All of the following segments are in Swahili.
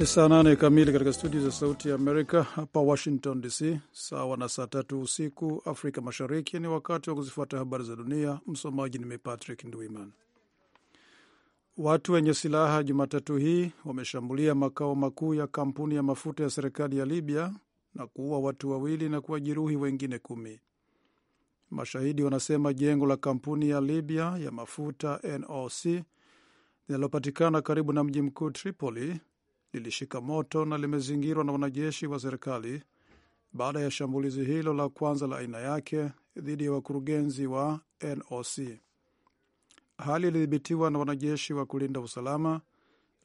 Ni saa nane kamili katika studio za Sauti ya Amerika hapa Washington DC, sawa na saa tatu usiku Afrika Mashariki. Ni wakati wa kuzifuata habari za dunia. Msomaji ni mimi Patrick Ndwiman. Watu wenye silaha Jumatatu hii wameshambulia makao makuu ya kampuni ya mafuta ya serikali ya Libya na kuua watu wawili na kuwajeruhi wengine kumi. Mashahidi wanasema jengo la kampuni ya Libya ya mafuta NOC linalopatikana karibu na mji mkuu Tripoli lilishika moto na limezingirwa na wanajeshi wa serikali baada ya shambulizi hilo la kwanza la aina yake dhidi ya wakurugenzi wa NOC. Hali ilidhibitiwa na wanajeshi wa kulinda usalama,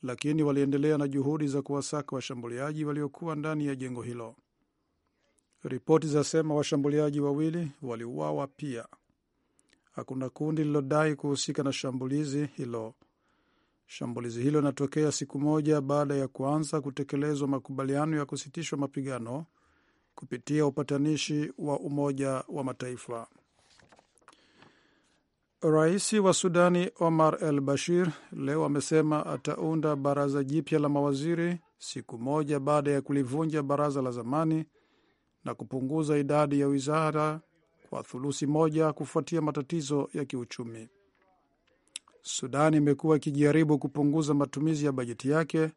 lakini waliendelea na juhudi za kuwasaka washambuliaji waliokuwa ndani ya jengo hilo. Ripoti zasema washambuliaji wawili waliuawa pia. Hakuna kundi lililodai kuhusika na shambulizi hilo. Shambulizi hilo linatokea siku moja baada ya kuanza kutekelezwa makubaliano ya kusitishwa mapigano kupitia upatanishi wa Umoja wa Mataifa. Rais wa Sudani Omar el Bashir leo amesema ataunda baraza jipya la mawaziri siku moja baada ya kulivunja baraza la zamani na kupunguza idadi ya wizara kwa thuluthi moja kufuatia matatizo ya kiuchumi. Sudan imekuwa ikijaribu kupunguza matumizi ya bajeti yake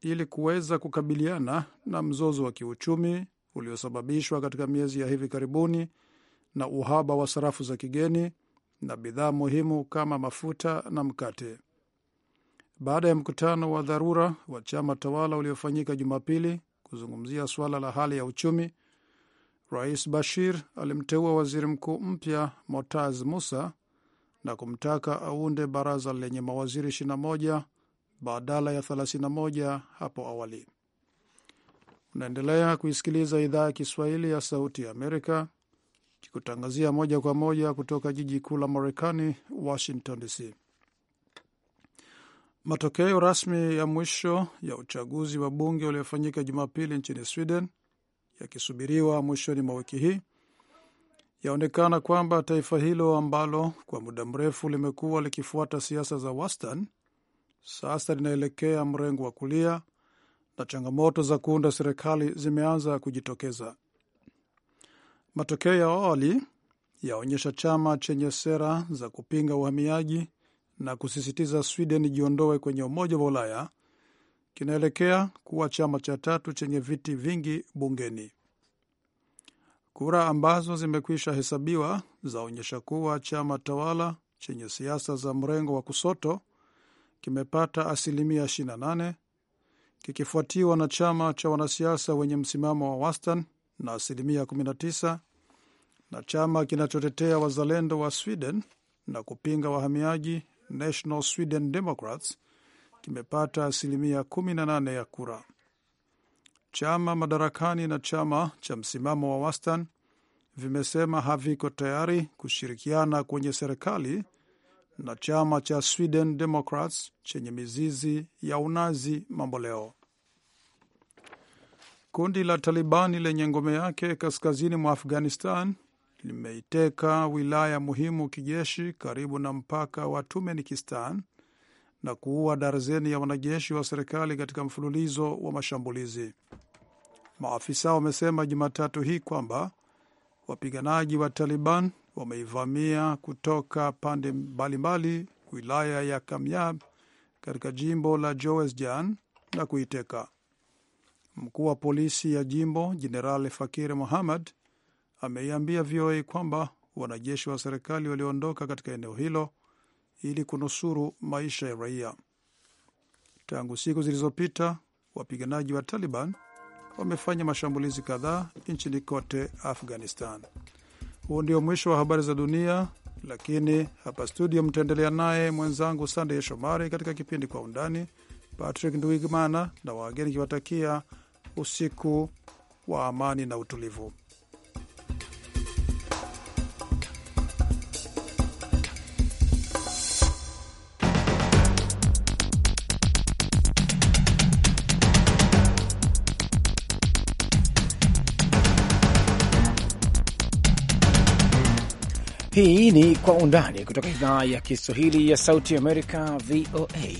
ili kuweza kukabiliana na mzozo wa kiuchumi uliosababishwa katika miezi ya hivi karibuni na uhaba wa sarafu za kigeni na bidhaa muhimu kama mafuta na mkate. Baada ya mkutano wa dharura wa chama tawala uliofanyika Jumapili kuzungumzia suala la hali ya uchumi, Rais Bashir alimteua waziri mkuu mpya Motaz Musa na kumtaka aunde baraza lenye mawaziri 21 badala ya 31 hapo awali. Unaendelea kuisikiliza idhaa ya Kiswahili ya Sauti ya Amerika kikutangazia moja kwa moja kutoka jiji kuu la Marekani, Washington DC. Matokeo rasmi ya mwisho ya uchaguzi wa bunge uliofanyika Jumapili nchini Sweden yakisubiriwa mwishoni mwa wiki hii, yaonekana kwamba taifa hilo ambalo kwa muda mrefu limekuwa likifuata siasa za wastani sasa linaelekea mrengo wa kulia na changamoto za kuunda serikali zimeanza kujitokeza. Matokeo ya awali yaonyesha chama chenye sera za kupinga uhamiaji na kusisitiza Sweden jiondoe kwenye Umoja wa Ulaya kinaelekea kuwa chama cha tatu chenye viti vingi bungeni. Kura ambazo zimekwisha hesabiwa zaonyesha kuwa chama tawala chenye siasa za mrengo wa kusoto kimepata asilimia 28 kikifuatiwa na chama cha wanasiasa wenye msimamo wa wastani na asilimia 19 na chama kinachotetea wazalendo wa Sweden na kupinga wahamiaji National Sweden Democrats kimepata asilimia 18 ya kura chama madarakani na chama cha msimamo wa wastan vimesema haviko tayari kushirikiana kwenye serikali na chama cha Sweden Democrats chenye mizizi ya unazi mambo leo. Kundi la Talibani lenye ngome yake kaskazini mwa Afghanistan limeiteka wilaya muhimu kijeshi karibu na mpaka wa Turkmenistan na kuua darzeni ya wanajeshi wa serikali katika mfululizo wa mashambulizi. Maafisa wamesema Jumatatu hii kwamba wapiganaji wa Taliban wameivamia kutoka pande mbalimbali wilaya ya Kamyab katika jimbo la jan na kuiteka. Mkuu wa polisi ya jimbo jeneral Fakir Muhammad ameiambia VOA kwamba wanajeshi wa serikali walioondoka katika eneo hilo ili kunusuru maisha ya raia. Tangu siku zilizopita, wapiganaji wa Taliban wamefanya mashambulizi kadhaa nchini kote Afghanistan. Huu ndio mwisho wa habari za dunia, lakini hapa studio mtaendelea naye mwenzangu Sandey Shomari katika kipindi Kwa Undani. Patrick Ndwigmana na wageni kiwatakia usiku wa amani na utulivu. Hii ni Kwa Undani kutoka idhaa ya Kiswahili ya Sauti Amerika, VOA.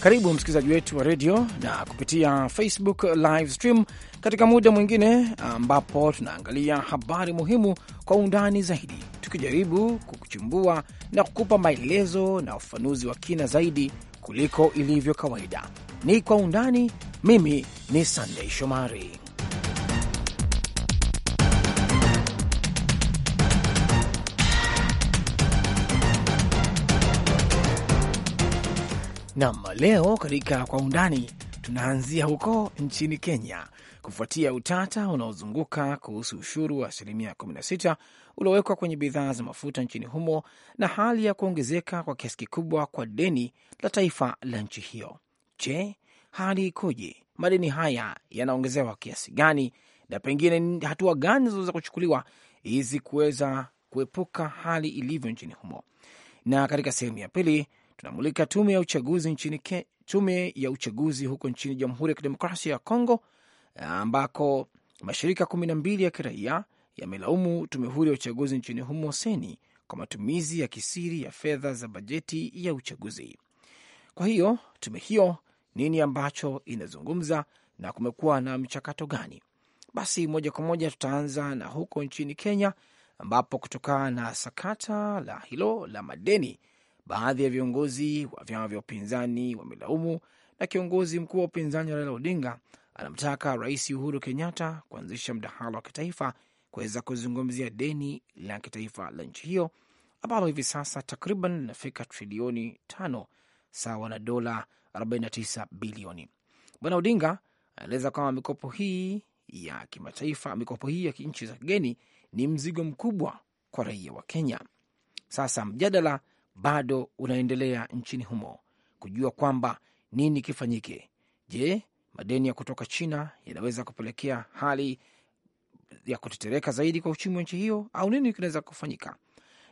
Karibu msikilizaji wetu wa redio na kupitia Facebook live stream katika muda mwingine ambapo tunaangalia habari muhimu kwa undani zaidi, tukijaribu kukuchimbua na kukupa maelezo na ufafanuzi wa kina zaidi kuliko ilivyo kawaida. Ni Kwa Undani. Mimi ni Sandei Shomari. Nam, leo katika kwa undani tunaanzia huko nchini Kenya kufuatia utata unaozunguka kuhusu ushuru wa asilimia 16 uliowekwa kwenye bidhaa za mafuta nchini humo na hali ya kuongezeka kwa kiasi kikubwa kwa deni la taifa la nchi hiyo. Je, hali ikoje? Madeni haya yanaongezewa kiasi gani, na pengine hatua gani zinaweza kuchukuliwa ili kuweza kuepuka hali ilivyo nchini humo? Na katika sehemu ya pili tunamulika tume ya uchaguzi nchini ke, tume ya uchaguzi huko nchini Jamhuri ya Kidemokrasia ya Kongo ambako mashirika kumi na mbili ya kiraia yamelaumu tume huru ya uchaguzi nchini humo seni kwa matumizi ya kisiri ya fedha za bajeti ya uchaguzi. Kwa hiyo tume hiyo nini ambacho inazungumza na kumekuwa na mchakato gani? Basi moja kwa moja tutaanza na huko nchini Kenya ambapo kutokana na sakata la hilo la madeni Baadhi ya viongozi wa vyama vya upinzani wamelaumu, na kiongozi mkuu wa upinzani Raila Odinga anamtaka Rais Uhuru Kenyatta kuanzisha mdahalo wa kitaifa kuweza kuzungumzia deni la kitaifa la nchi hiyo ambalo hivi sasa takriban linafika trilioni tano sawa na dola 49 bilioni. Bwana Odinga anaeleza kwamba mikopo hii ya kimataifa, mikopo hii ya nchi za kigeni ni mzigo mkubwa kwa raia wa Kenya. Sasa mjadala bado unaendelea nchini humo kujua kwamba nini kifanyike. Je, madeni ya kutoka China yanaweza kupelekea hali ya kutetereka zaidi kwa uchumi wa nchi hiyo au nini kinaweza kufanyika?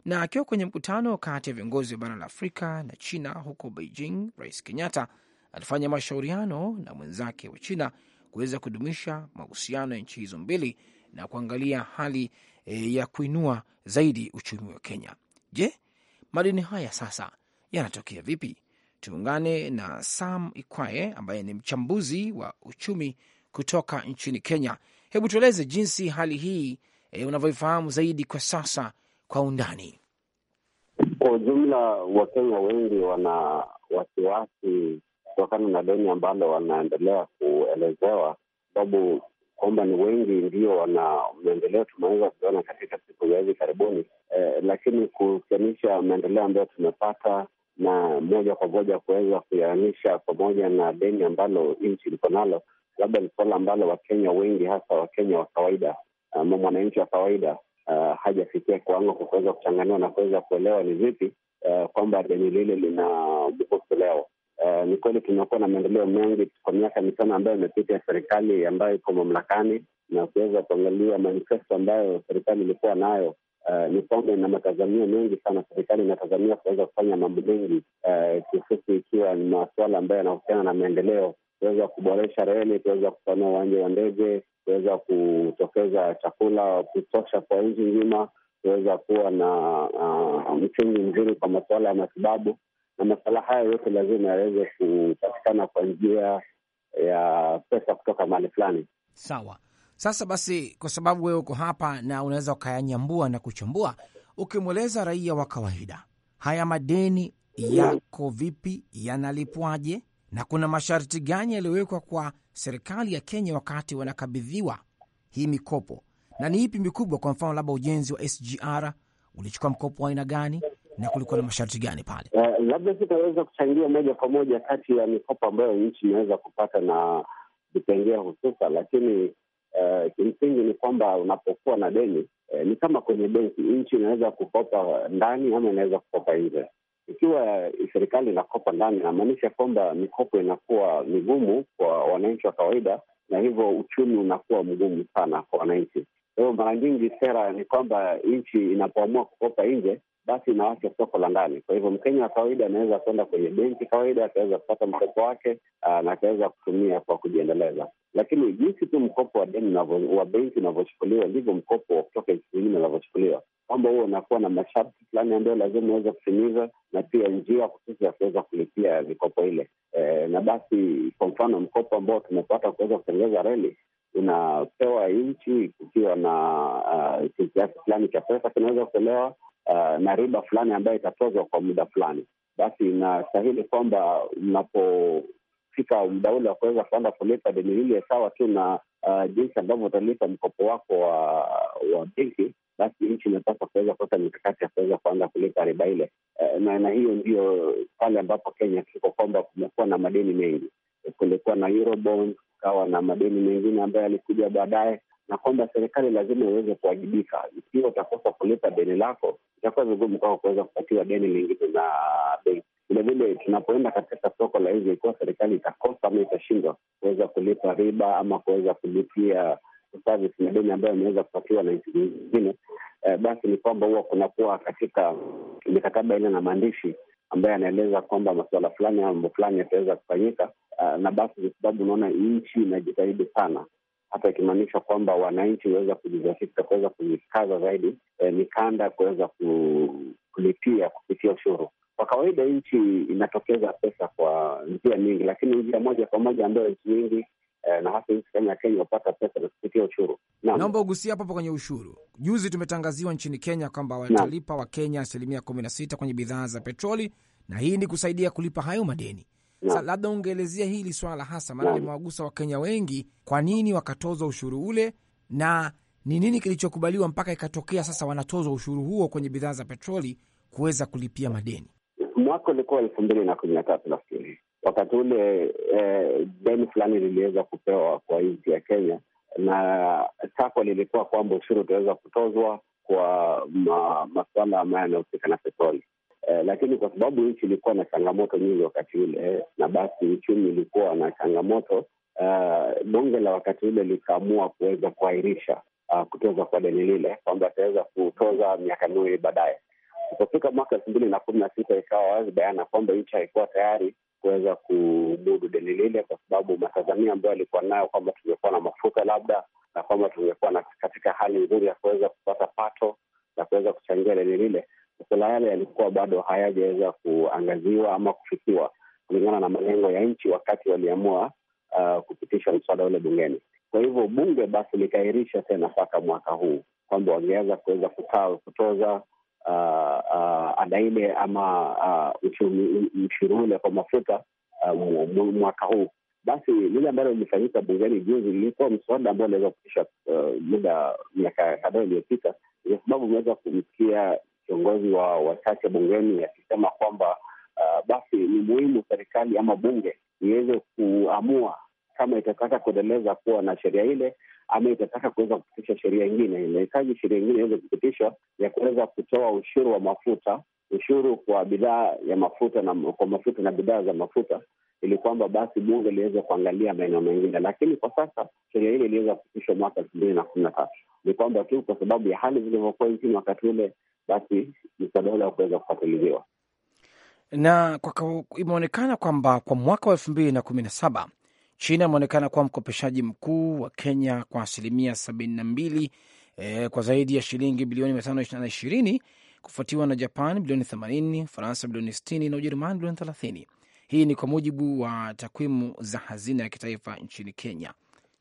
Na akiwa kwenye mkutano kati ya viongozi wa bara la Afrika na China huko Beijing, Rais Kenyatta alifanya mashauriano na mwenzake wa China kuweza kudumisha mahusiano ya nchi hizo mbili na kuangalia hali e, ya kuinua zaidi uchumi wa Kenya. Je, madini haya sasa yanatokea vipi? Tuungane na Sam Ikwaye ambaye ni mchambuzi wa uchumi kutoka nchini Kenya. Hebu tueleze jinsi hali hii e, unavyoifahamu zaidi kwa sasa kwa undani. Kwa ujumla, Wakenya wengi wana wasiwasi kutokana na deni ambalo wanaendelea kuelezewa, sababu kwamba ni wengi ndio wana maendeleo tunaweza kuona katika siku za hivi karibuni eh, lakini kuhusianisha maendeleo ambayo tumepata na moja kwa moja kuweza kuyaanisha pamoja na deni ambalo nchi liko nalo, labda ni suala ambalo Wakenya wengi hasa Wakenya wa kawaida ama mwananchi wa kawaida uh, hajafikia kiwango kwa kuweza kuchanganua na kuweza kuelewa ni vipi uh, kwamba deni lile lina mkopo leo Eh, ni kweli tumekuwa na maendeleo mengi kwa miaka mitano ambayo imepita ya serikali ambayo iko mamlakani, na ukiweza kuangalia manifesto ambayo serikali ilikuwa nayo uh, ni kwamba ina matazamio mengi sana. Serikali inatazamia kuweza kufanya mambo mengi uh, ikiwa ni masuala ambayo yanahusiana na maendeleo, kuweza kuboresha reli, kuweza kupanua uwanja wa ndege, kuweza kutokeza chakula kutosha kwa nchi nzima, kuweza kuwa na uh, ah, mchungi mzuri kwa masuala ya matibabu na masala haya yote lazima yaweze kupatikana kwa njia ya pesa kutoka mahali fulani. Sawa. Sasa basi, kwa sababu wewe uko hapa na unaweza ukayanyambua na kuchambua, ukimweleza raia wa kawaida haya madeni yako vipi, yanalipwaje, na kuna masharti gani yaliyowekwa kwa serikali ya Kenya wakati wanakabidhiwa hii mikopo, na ni ipi mikubwa? Kwa mfano, labda ujenzi wa SGR ulichukua mkopo wa aina gani? na kulikuwa na masharti gani pale? Uh, labda sitaweza kuchangia moja kwa moja kati ya mikopo ambayo nchi inaweza kupata na vipengea hususa, lakini uh, kimsingi ni kwamba unapokuwa na deni uh, ni kama kwenye benki, nchi inaweza kukopa ndani ama inaweza kukopa nje. Ikiwa serikali inakopa ndani, inamaanisha kwamba mikopo inakuwa migumu kwa wananchi wa kawaida, na hivyo uchumi unakuwa mgumu sana kwa wananchi. Kwa hiyo mara nyingi sera ni kwamba nchi inapoamua kukopa nje basi inaacha soko la ndani. Kwa hivyo Mkenya wa kawaida anaweza kwenda kwenye benki kawaida, akaweza kupata mkopo wake ah, na akaweza kutumia kwa kujiendeleza. Lakini jinsi tu mkopo wa deni wa benki unavyochukuliwa, ndivyo mkopo wa kutoka nchi zingine unavyochukuliwa, kwamba huo unakuwa na masharti fulani ambayo lazima uweze kutimiza na pia njia hususi ya kuweza kulipia mikopo ile. E, na basi kwa mfano mkopo ambao tumepata kuweza kutengeza reli unapewa nchi kukiwa na uh, kiasi fulani cha pesa kinaweza kutolewa Uh, na riba fulani ambayo itatozwa kwa muda fulani, basi inastahili kwamba mnapofika muda ule wa kuweza kuanza kulipa deni ya sawa tu na uh, jinsi ambavyo utalipa mkopo wako wa, wa benki, basi nchi inapaswa kuweza kuweka mikakati ya kuweza kuanza kulipa riba ile uh, na, na hiyo ndio pale ambapo Kenya tuko kwamba kumekuwa na madeni mengi, kulikuwa na Eurobond, kukawa na madeni mengine ambayo yalikuja baadaye na kwamba serikali lazima iweze kuwajibika. Ikiwa utakosa kulipa deni lako, itakuwa vigumu kwako kuweza kupatiwa deni lingine na benki. Vilevile tunapoenda katika soko la hizi, ikiwa serikali itakosa ama itashindwa kuweza kulipa riba ama kuweza kulipia service deni ambayo imeweza kupatiwa na nchi zingine, eh, basi ni kwamba huwa kunakuwa katika mikataba ile na maandishi ambaye anaeleza kwamba masuala fulani au mambo fulani yataweza kufanyika, uh, na basi kwa sababu unaona nchi inajitahidi sana hata ikimaanisha kwamba wananchi huweza kujizatiti kuweza kujikaza zaidi e, mikanda ya kuweza kulipia kupitia ushuru. Kwa kawaida nchi inatokeza pesa kwa njia nyingi, lakini njia moja kwa moja ambayo nchi nyingi e, na hasa nchi kama Kenya hupata pesa na kupitia ushuru. Naomba ugusia hapo kwenye ushuru. Juzi tumetangaziwa nchini Kenya kwamba watalipa Wakenya asilimia kumi na sita kwenye bidhaa za petroli, na hii ni kusaidia kulipa hayo madeni. Sasa labda ungeelezea hili swala hasa, maana limewagusa Wakenya wengi. Kwa nini wakatozwa ushuru ule na ni nini kilichokubaliwa mpaka ikatokea sasa wanatozwa ushuru huo kwenye bidhaa za petroli kuweza kulipia madeni? Mwaka ulikuwa elfu mbili na kumi na tatu nafikiri, wakati ule eh, deni fulani liliweza kupewa kwa nchi ya Kenya na sako lilikuwa kwamba ushuru utaweza kutozwa kwa masuala ambayo yanahusika na petroli lakini kwa sababu nchi ilikuwa na changamoto nyingi wakati ule, na basi uchumi ulikuwa na changamoto uh, eh, bunge la wakati ule likaamua kuweza kuahirisha uh, ah, kutoza kwa deni lile kwamba ataweza kutoza miaka miwili baadaye. Ilipofika mwaka elfu mbili na kumi na sita ikawa wazi bayana kwamba nchi haikuwa tayari kuweza kumudu deni lile, kwa sababu matazamia ambayo alikuwa nayo kwamba tungekuwa na mafuta labda na kwamba tungekuwa katika hali nzuri ya kuweza kupata pato na kuweza kuchangia deni lile masuala yale yalikuwa bado hayajaweza kuangaziwa ama kufikiwa kulingana na malengo ya nchi, wakati waliamua uh, kupitisha mswada ule bungeni. Kwa hivyo bunge basi likaahirisha tena mpaka mwaka huu kwamba wangeweza kuweza kukaa kutoza uh, uh, ada ile ama uh, ule kwa mafuta uh, mwaka huu. Basi lile ambalo lilifanyika bungeni juzi lilikuwa mswada ambao uliweza kupitisha uh, muda uh, miaka kadhaa iliyopita, kwa sababu umeweza kumsikia kiongozi wa wachache bungeni akisema kwamba uh, basi ni muhimu serikali ama bunge iweze kuamua kama itataka kuendeleza kuwa na sheria ile ama itataka kuweza kupitisha sheria ingine. Inahitaji sheria ingine iweze kupitishwa ya kuweza kutoa ushuru wa mafuta, ushuru kwa bidhaa ya mafuta na kwa mafuta na bidhaa za mafuta, ili kwamba basi bunge liweze kuangalia maeneo mengine. Lakini kwa sasa sheria ile iliweza kupitishwa mwaka elfu mbili na kumi na tatu. Ni kwamba tu kwa sababu ya hali zilivyokuwa nchini wakati ule basi msadada wa kuweza kufuatililiwa. Na kwa imeonekana kwamba kwa mwaka wa elfu mbili na kumi na saba China imeonekana kuwa mkopeshaji mkuu wa Kenya kwa asilimia sabini na mbili e, kwa zaidi ya shilingi bilioni mia tano na ishirini kufuatiwa na Japan bilioni themanini Faransa bilioni sitini na Ujerumani bilioni thelathini Hii ni kwa mujibu wa takwimu za hazina ya kitaifa nchini Kenya.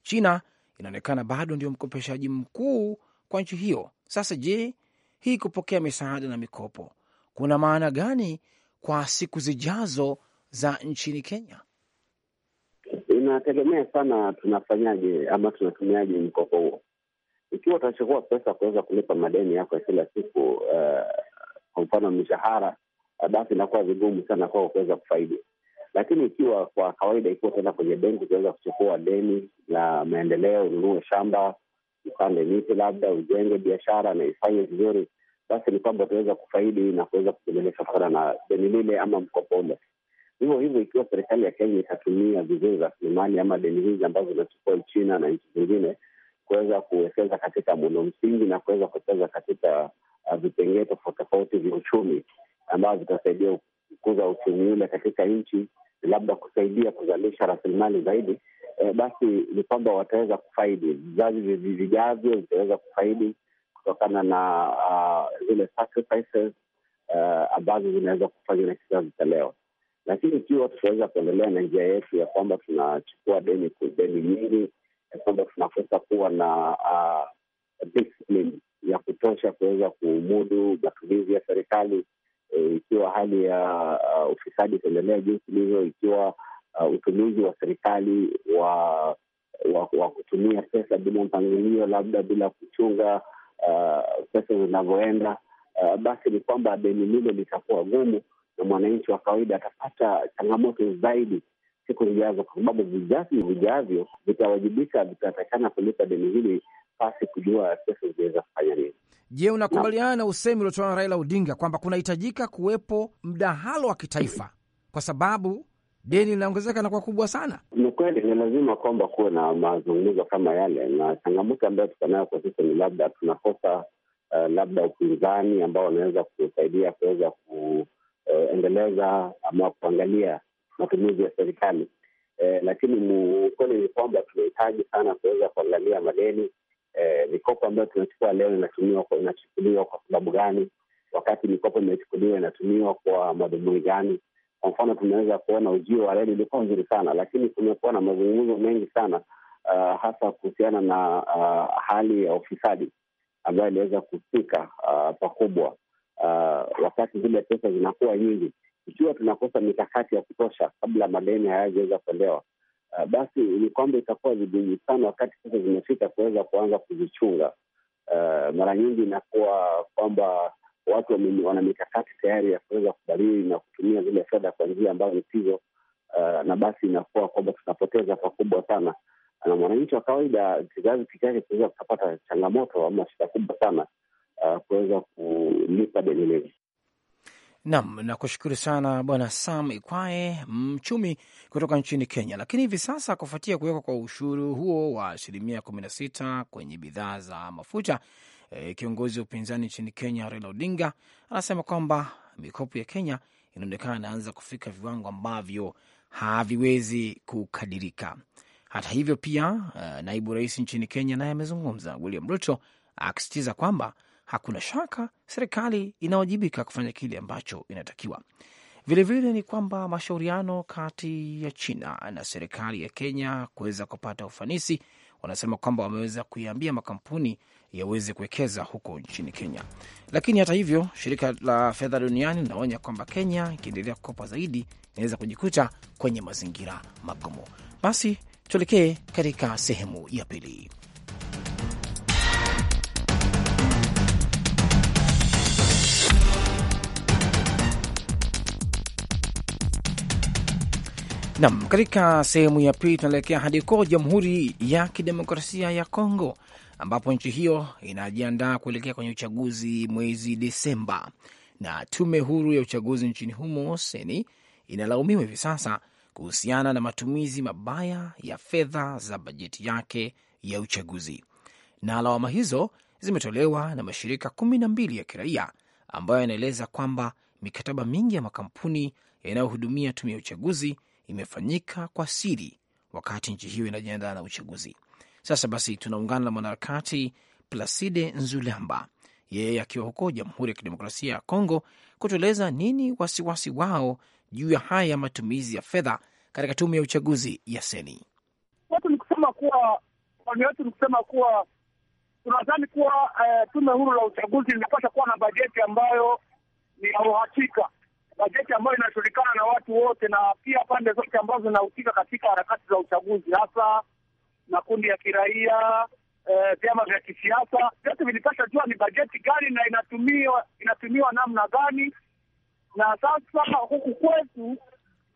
China inaonekana bado ndio mkopeshaji mkuu kwa nchi hiyo. Sasa je, hii kupokea misaada na mikopo kuna maana gani kwa siku zijazo za nchini Kenya? Inategemea sana tunafanyaje ama tunatumiaje mkopo huo. Ikiwa utachukua pesa kuweza kulipa madeni yako ya kila siku, uh, kwa mfano mishahara, eh, basi inakuwa vigumu sana kwao kuweza kufaidi. Lakini ikiwa kwa kawaida, ikiwa utaenda kwenye benki utaweza kuchukua deni la maendeleo, ununue shamba upande miti labda ujenge biashara na ifanye vizuri, basi ni kwamba utaweza kufaidi na kuweza kutengelesha kutokana na deni lile ama mkopo ule. Hivyo hivyo, ikiwa serikali ya Kenya itatumia vizuri rasilimali ama deni hizi ambazo zinachukua China na nchi zingine kuweza kuwekeza katika muundo msingi na kuweza kuwekeza katika uh, vipengee tofauti tofauti vya uchumi ambavyo vitasaidia kukuza uchumi ule katika nchi, labda kusaidia kuzalisha rasilimali zaidi, eh, basi ni kwamba wataweza kufaidi, vizazi vijavyo vitaweza kufaidi kutokana na uh, zile sacrifices uh, ambazo zinaweza kufanywa na kizazi cha leo. Lakini ikiwa tutaweza kuendelea na njia yetu ya kwamba tunachukua deni deni nyingi, ya kwamba tunakosa kuwa na uh, discipline ya kutosha kuweza kumudu matumizi ya serikali, eh, ikiwa hali ya uh, ufisadi itaendelea jinsi ilivyo, ikiwa uh, utumizi wa serikali wa, wa wa kutumia pesa bila mpangilio, labda bila kuchunga uh, pesa zinavyoenda, uh, basi ni kwamba deni lile litakuwa gumu na mwananchi wa kawaida atapata changamoto zaidi siku zijazo, kwa sababu vizazi vijavyo vitawajibika, vitatakana kulipa deni hili pasi kujua pesa ziliweza kufanya nini. Je, unakubaliana na usemi uliotoa na Raila Odinga kwamba kunahitajika kuwepo mdahalo wa kitaifa, kwa sababu deni linaongezeka na kwa kubwa sana. Ni kweli, ni lazima kwamba kuwe na mazungumzo kama yale, na changamoto ambayo tuko nayo kwa sisi ni labda tunakosa uh, labda upinzani ambao wanaweza kusaidia kuweza kuendeleza eh, ama kuangalia matumizi ya serikali eh, lakini ukweli ni kwamba tunahitaji sana kuweza kuangalia madeni eh, mikopo eh, ambayo tunachukua leo inachukuliwa kwa sababu gani, wakati mikopo imechukuliwa inatumiwa kwa madhumuni gani? Kwa mfano tunaweza kuona ujio wa reli ulikuwa mzuri sana, lakini kumekuwa na mazungumzo mengi sana uh, hasa kuhusiana na uh, hali ya ufisadi ambayo iliweza kufika uh, pakubwa uh, wakati zile pesa zinakuwa nyingi. Ikiwa tunakosa mikakati ya kutosha kabla madeni hayajaweza kuelewa, uh, basi ni kwamba itakuwa vigumu sana wakati pesa zimefika kuweza kuanza kuzichunga. Uh, mara nyingi inakuwa kwamba watu wana mikakati tayari ya kuweza kubadili na kutumia zile fedha kwa njia ni sizo, uh, eh, na basi inakuwa kwamba tunapoteza pakubwa sana, na mwananchi wa kawaida kizazi kichake kuweza kutapata changamoto ama shida kubwa sana uh, kuweza kulipa deni lile. Nam, nakushukuru sana Bwana Sam Ikwae, mchumi kutoka nchini Kenya. Lakini hivi sasa kufuatia kuwekwa kwa ushuru huo wa asilimia kumi na sita kwenye bidhaa za mafuta, eh, kiongozi wa upinzani nchini Kenya Raila Odinga anasema kwamba mikopo ya Kenya inaonekana inaanza kufika viwango ambavyo haviwezi kukadirika. Hata hivyo pia eh, naibu rais nchini Kenya naye amezungumza, William Ruto akisitiza kwamba hakuna shaka serikali inawajibika kufanya kile ambacho inatakiwa. Vilevile vile ni kwamba mashauriano kati ya China na serikali ya Kenya kuweza kupata ufanisi wanasema kwamba wameweza kuiambia makampuni yaweze kuwekeza huko nchini Kenya. Lakini hata hivyo, shirika la fedha duniani linaonya kwamba Kenya ikiendelea kukopa zaidi inaweza kujikuta kwenye mazingira magumu. Basi tuelekee katika sehemu ya pili. Nam, katika sehemu ya pili tunaelekea hadi huko Jamhuri ya Kidemokrasia ya Kongo, ambapo nchi hiyo inajiandaa kuelekea kwenye uchaguzi mwezi Desemba, na tume huru ya uchaguzi nchini humo seni inalaumiwa hivi sasa kuhusiana na matumizi mabaya ya fedha za bajeti yake ya uchaguzi, na lawama hizo zimetolewa na mashirika kumi na mbili ya kiraia ambayo yanaeleza kwamba mikataba mingi ya makampuni yanayohudumia tume ya uchaguzi imefanyika kwa siri wakati nchi hiyo inajiandaa na uchaguzi. Sasa basi, tunaungana na mwanaharakati Placide Nzulamba, yeye akiwa huko Jamhuri ya Kidemokrasia ya Kongo, kutueleza nini wasiwasi wao juu ya haya matumizi ya fedha katika tume ya uchaguzi ya seni. Watu ni kusema kuwa wani wetu ni kusema kuwa tunadhani kuwa uh, tume huru la uchaguzi linapasha kuwa na bajeti ambayo ni ya uhakika bajeti ambayo inashirikana na watu wote na pia pande zote ambazo zinahusika katika harakati za uchaguzi, hasa makundi ya kiraia, eh, vyama eh, vya kisiasa, vyote vilipasha jua ni bajeti gani na inatumiwa inatumiwa namna gani. Na sasa huku kwetu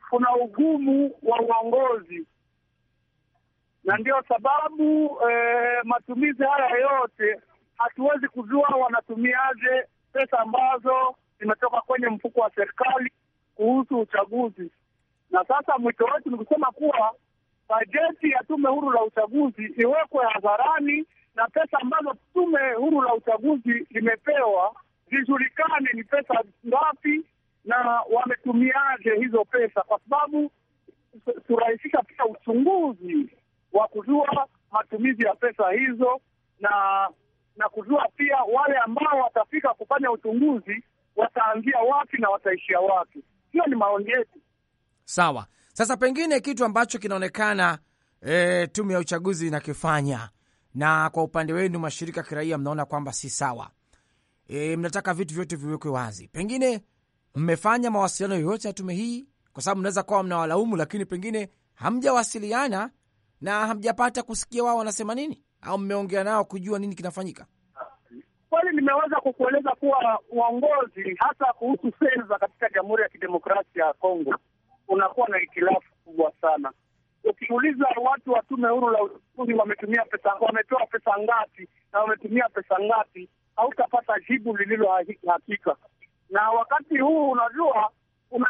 kuna ugumu wa uongozi, na ndio sababu eh, matumizi haya yote hatuwezi kujua wanatumiaje pesa ambazo zimetoka kwenye mfuko wa serikali kuhusu uchaguzi. Na sasa mwito wetu ni kusema kuwa bajeti ya tume huru la uchaguzi iwekwe hadharani na pesa ambazo tume huru la uchaguzi limepewa zijulikane ni pesa ngapi na wametumiaje hizo pesa, kwa sababu turahisisha pia uchunguzi wa kujua matumizi ya pesa hizo na na kujua pia wale ambao watafika kufanya uchunguzi wataanzia wapi na wataishia wapi. Hiyo ni maoni yetu. Sawa. Sasa pengine kitu ambacho kinaonekana e, tume ya uchaguzi inakifanya na kwa upande wenu mashirika ya kiraia mnaona kwamba si sawa e, mnataka vitu vyote viwekwe wazi. Pengine mmefanya mawasiliano yoyote ya tume hii? Kwa sababu mnaweza kuwa mnawalaumu, lakini pengine hamjawasiliana na hamjapata kusikia wao wanasema nini, au mmeongea nao kujua nini kinafanyika? awali nimeweza kukueleza kuwa uongozi hasa kuhusu fedha katika Jamhuri ya Kidemokrasia ya Kongo unakuwa na hitilafu kubwa sana. Ukiuliza watu wa Tume Huru la Uchaguzi wametumia pesa, wametoa pesa ngapi na wametumia pesa ngapi, hautapata jibu lililo hakika. Na wakati huu unajua kuna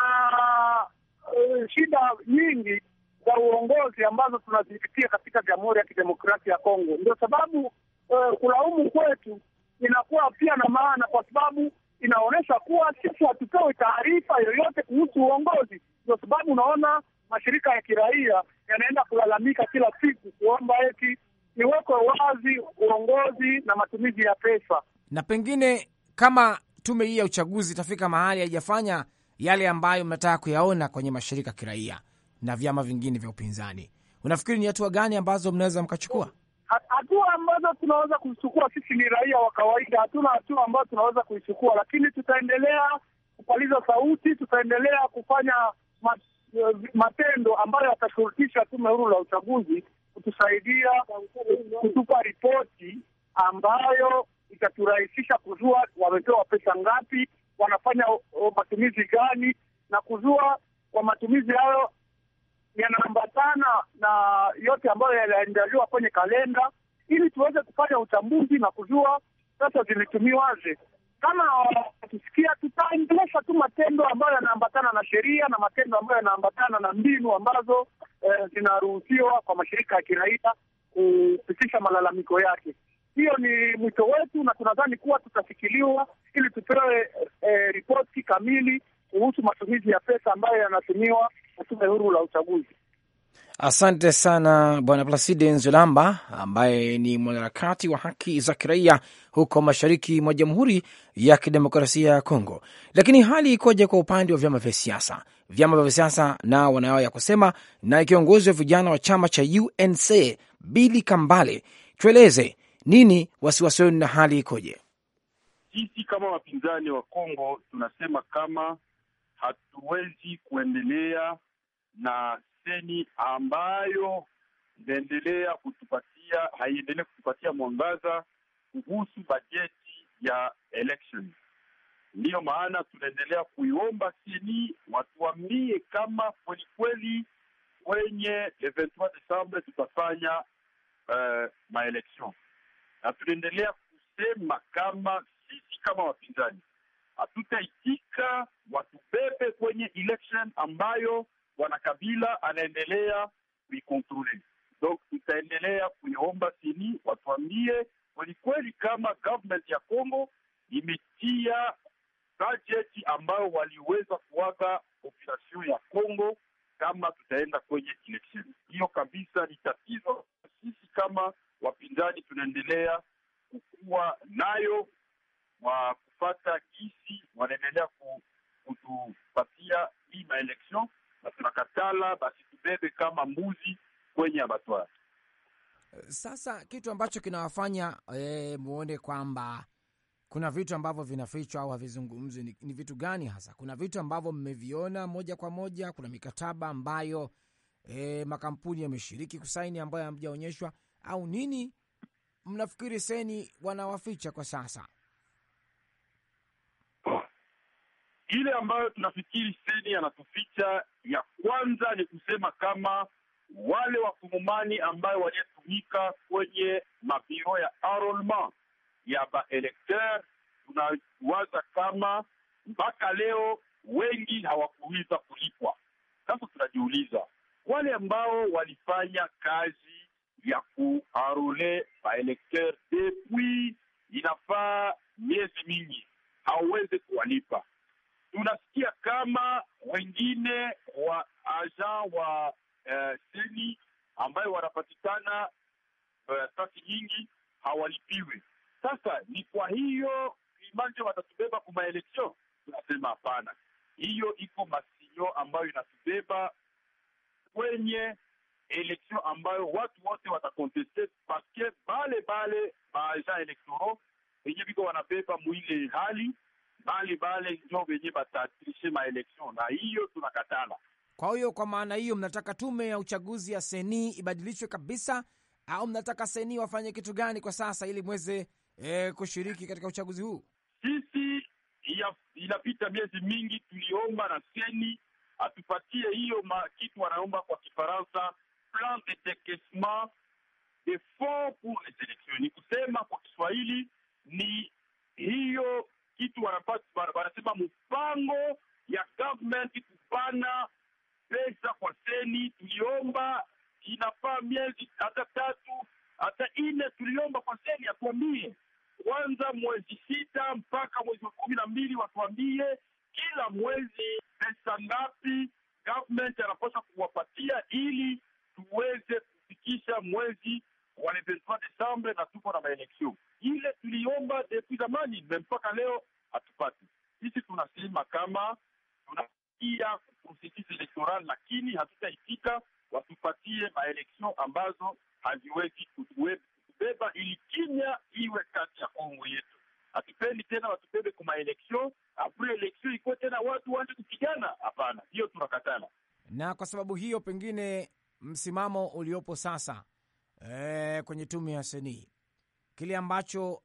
uh, shida nyingi za uongozi ambazo tunazipitia katika Jamhuri ya Kidemokrasia ya Kongo, ndio sababu uh, kulaumu kwetu inakuwa pia na maana, kwa sababu inaonyesha kuwa sisi hatupewi taarifa yoyote kuhusu uongozi. Ndio sababu unaona mashirika ya kiraia yanaenda kulalamika kila siku kuomba eti iwekwe wazi uongozi na matumizi ya pesa. Na pengine kama tume hii ya uchaguzi itafika mahali haijafanya yale ambayo mnataka kuyaona kwenye mashirika kiraia na vyama vingine vya upinzani, unafikiri ni hatua gani ambazo mnaweza mkachukua? hatua ambazo tunaweza kuzichukua sisi ni raia wa kawaida, hatuna hatua ambazo tunaweza kuichukua, lakini tutaendelea kupaliza sauti, tutaendelea kufanya eh, matendo ambayo yatashurutisha tume huru la uchaguzi kutusaidia kutupa ripoti ambayo itaturahisisha kujua wamepewa pesa ngapi, wanafanya matumizi gani, na kujua kwa matumizi hayo yanaambatana na yote ambayo yaliandaliwa kwenye kalenda, ili tuweze kufanya uchambuzi na kujua sasa zilitumiwaje. Kama tusikia, tutaendelesha tu matendo ambayo yanaambatana na sheria na matendo ambayo yanaambatana na mbinu ambazo eh, zinaruhusiwa eh, kwa mashirika ya kiraia kupitisha malalamiko yake. Hiyo ni mwito wetu, na tunadhani kuwa tutafikiliwa ili tupewe eh, ripoti kamili kuhusu matumizi ya pesa ambayo yanatumiwa na tume huru la uchaguzi. Asante sana Bwana Placide Nzulamba, ambaye ni mwanaharakati wa haki za kiraia huko mashariki mwa Jamhuri ya Kidemokrasia ya Kongo. Lakini hali ikoje kwa upande wa vyama vya siasa? Vyama vya siasa na wanayao ya kusema, na kiongozi wa vijana wa chama cha UNC Bili Kambale, tueleze nini wasiwasi wenu na hali ikoje? Sisi kama wapinzani wa Kongo tunasema kama hatuwezi kuendelea na seni ambayo inaendelea kutupatia haiendelee kutupatia mwangaza kuhusu bajeti ya election. Ndiyo maana tunaendelea kuiomba seni watuambie kama kwelikweli kwenye eventua Desemba tutafanya uh, maelection, na tunaendelea kusema kama sisi kama wapinzani hatutaitika watubebe kwenye election ambayo bwana Kabila anaendelea kuikontrole. Donc tutaendelea kuiomba sini watuambie kwelikweli kama government ya Congo imetia bajeti ambayo waliweza kuwaga population ya Congo kama tutaenda kwenye election hiyo. Kabisa ni tatizo sisi kama wapinzani tunaendelea kukuwa nayo wa kupata kisi wanaendelea kutupatia hii maeleksio na tunakatala, basi tubebe kama mbuzi kwenye abatwari. Sasa kitu ambacho kinawafanya e, muone kwamba kuna vitu ambavyo vinafichwa au havizungumzwi ni, ni vitu gani hasa? Kuna vitu ambavyo mmeviona moja kwa moja, kuna mikataba ambayo e, makampuni yameshiriki kusaini ambayo hamjaonyeshwa, au nini mnafikiri seni wanawaficha kwa sasa? Ile ambayo tunafikiri Seni anatuficha ya kwanza ni kusema kama wale wakongomani ambayo waliyetumika kwenye mabiro ya enrolement ya baelekteur, tunawaza kama mpaka leo wengi hawakuweza kulipwa. Sasa tunajiuliza wale ambao walifanya kazi ya kuarole baelekteur depuis inafaa miezi mingi hawaweze kuwalipa tunasikia kama wengine wa aja wa eh, seni ambayo wanapatikana eh, fasi nyingi hawalipiwi. Sasa ni kwa hiyo imanje watatubeba kumaeleksio? Tunasema hapana, hiyo iko masinyo ambayo inatubeba kwenye eleksio ambayo watu wote watakonteste paske bale bale maaja elektoraux yenye viko wanabeba mwile hali bali bale njo venye bataatrishe maelektion na hiyo tunakatala. Kwa hiyo kwa maana hiyo, mnataka tume ya uchaguzi ya seni ibadilishwe kabisa, au mnataka seni wafanye kitu gani kwa sasa ili mweze e, kushiriki katika uchaguzi huu? Sisi inapita miezi mingi tuliomba na seni atupatie hiyo kitu wanaomba kwa Kifaransa plan de decaissement des fonds pour les elections, ni kusema kwa Kiswahili ni hiyo kitu wanasema mpango ya government kupana pesa kwa seni. Tuliomba inafaa miezi hata tatu hata nne, tuliomba kwa seni atuambie kwanza mwezi sita mpaka mwezi wa kumi na mbili watuambie kila mwezi pesa ngapi government anapaswa kuwapatia ili tuweze kufikisha mwezi walepesma desambre na tuko na maeleksio ile tuliomba depuis zamani, me mpaka leo hatupati. Sisi tunasema kama tunafikia processus electoral, lakini hatutaifika watupatie maeleksio ambazo haziwezi kutubeba, ili kimya iwe kati ya Kongo yetu. Hatupendi tena watubebe ku maeleksio, apres eleksio ikuwe tena watu waanze kupigana. Hapana, hiyo tunakatana. Na kwa sababu hiyo, pengine msimamo uliopo sasa e, kwenye tume ya seni kile ambacho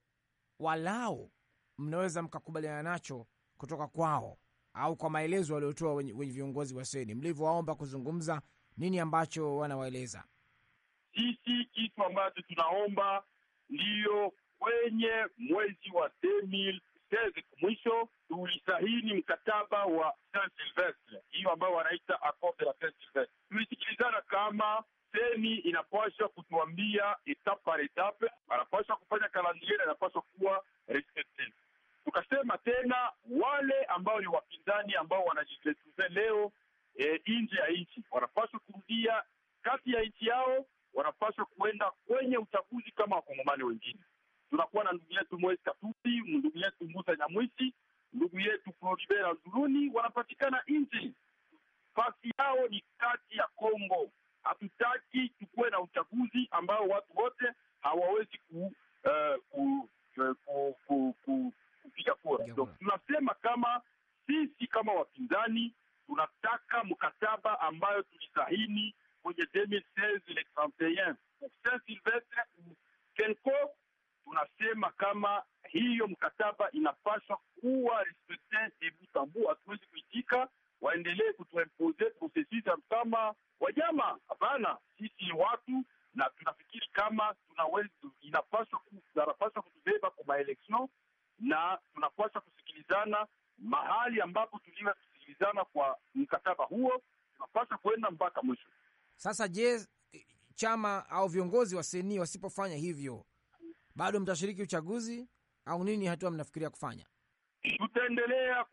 walau mnaweza mkakubaliana nacho kutoka kwao au kwa maelezo waliotoa wenye viongozi wa seni, mlivyowaomba kuzungumza, nini ambacho wanawaeleza? Sisi kitu ambacho tunaomba ndiyo kwenye mwezi wa 2016 mwisho tulisahini mkataba wa Saint Silvestre, hiyo ambayo wanaita accord de la Saint Silvestre. Tulisikilizana kama seni inapaswa kutuambia etape par etape, anapaswa kufanya kalandieri, anapaswa kuwa respecte. Tukasema tena wale ambao ni wapinzani ambao wanajiletuze leo e, nje ya nchi wanapaswa kurudia kati ya nchi yao, wanapaswa kuenda kwenye uchaguzi kama wakongomani wengine. Tunakuwa na ndugu yetu Moise Katumbi, ndugu yetu Musa Nyamwisi, ndugu yetu Floribert Nduluni, wanapatikana nje fasi yao ni kati ya Kongo hatutaki tukuwe na uchaguzi ambao watu wote hawawezi ku, uh, ku, uh, ku, ku, ku kupiga kura. So, tunasema kama sisi kama wapinzani tunataka mkataba ambayo tulisahini kwenye 2016 le 31 pour Saint Kenko. Tunasema kama hiyo mkataba inapaswa kuwa respecte debu tambu, hatuwezi kuitika waendelee kutuimpose processus kama Sasa je, chama au viongozi wa seni wasipofanya hivyo, bado mtashiriki uchaguzi au nini? Hatua mnafikiria kufanya? Tutaendelea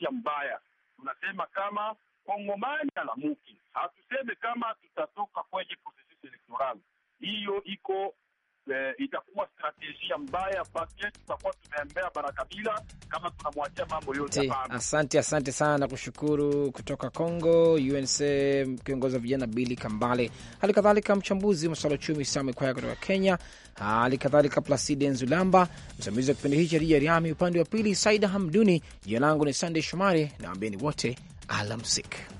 ya mbaya. Tunasema kama kongomani alamuki, hatuseme kama tutatoka kwenye prosesi elektorali hiyo iko eh, itakuwa strategia mbaya, basi tutakuwa tumeembea kama tunamwachia mambo yote. Asante, asante sana na kushukuru. Kutoka Congo UNC kiongozi wa vijana Bili Kambale, hali kadhalika mchambuzi wa masuala uchumi Sami Kwaya kutoka Kenya, hali kadhalika Plaside Nzulamba, msimamizi wa kipindi hichi Adija Riami, upande wa pili Saida Hamduni. Jina langu ni Sandey Shomari na wambeni wote alamsik.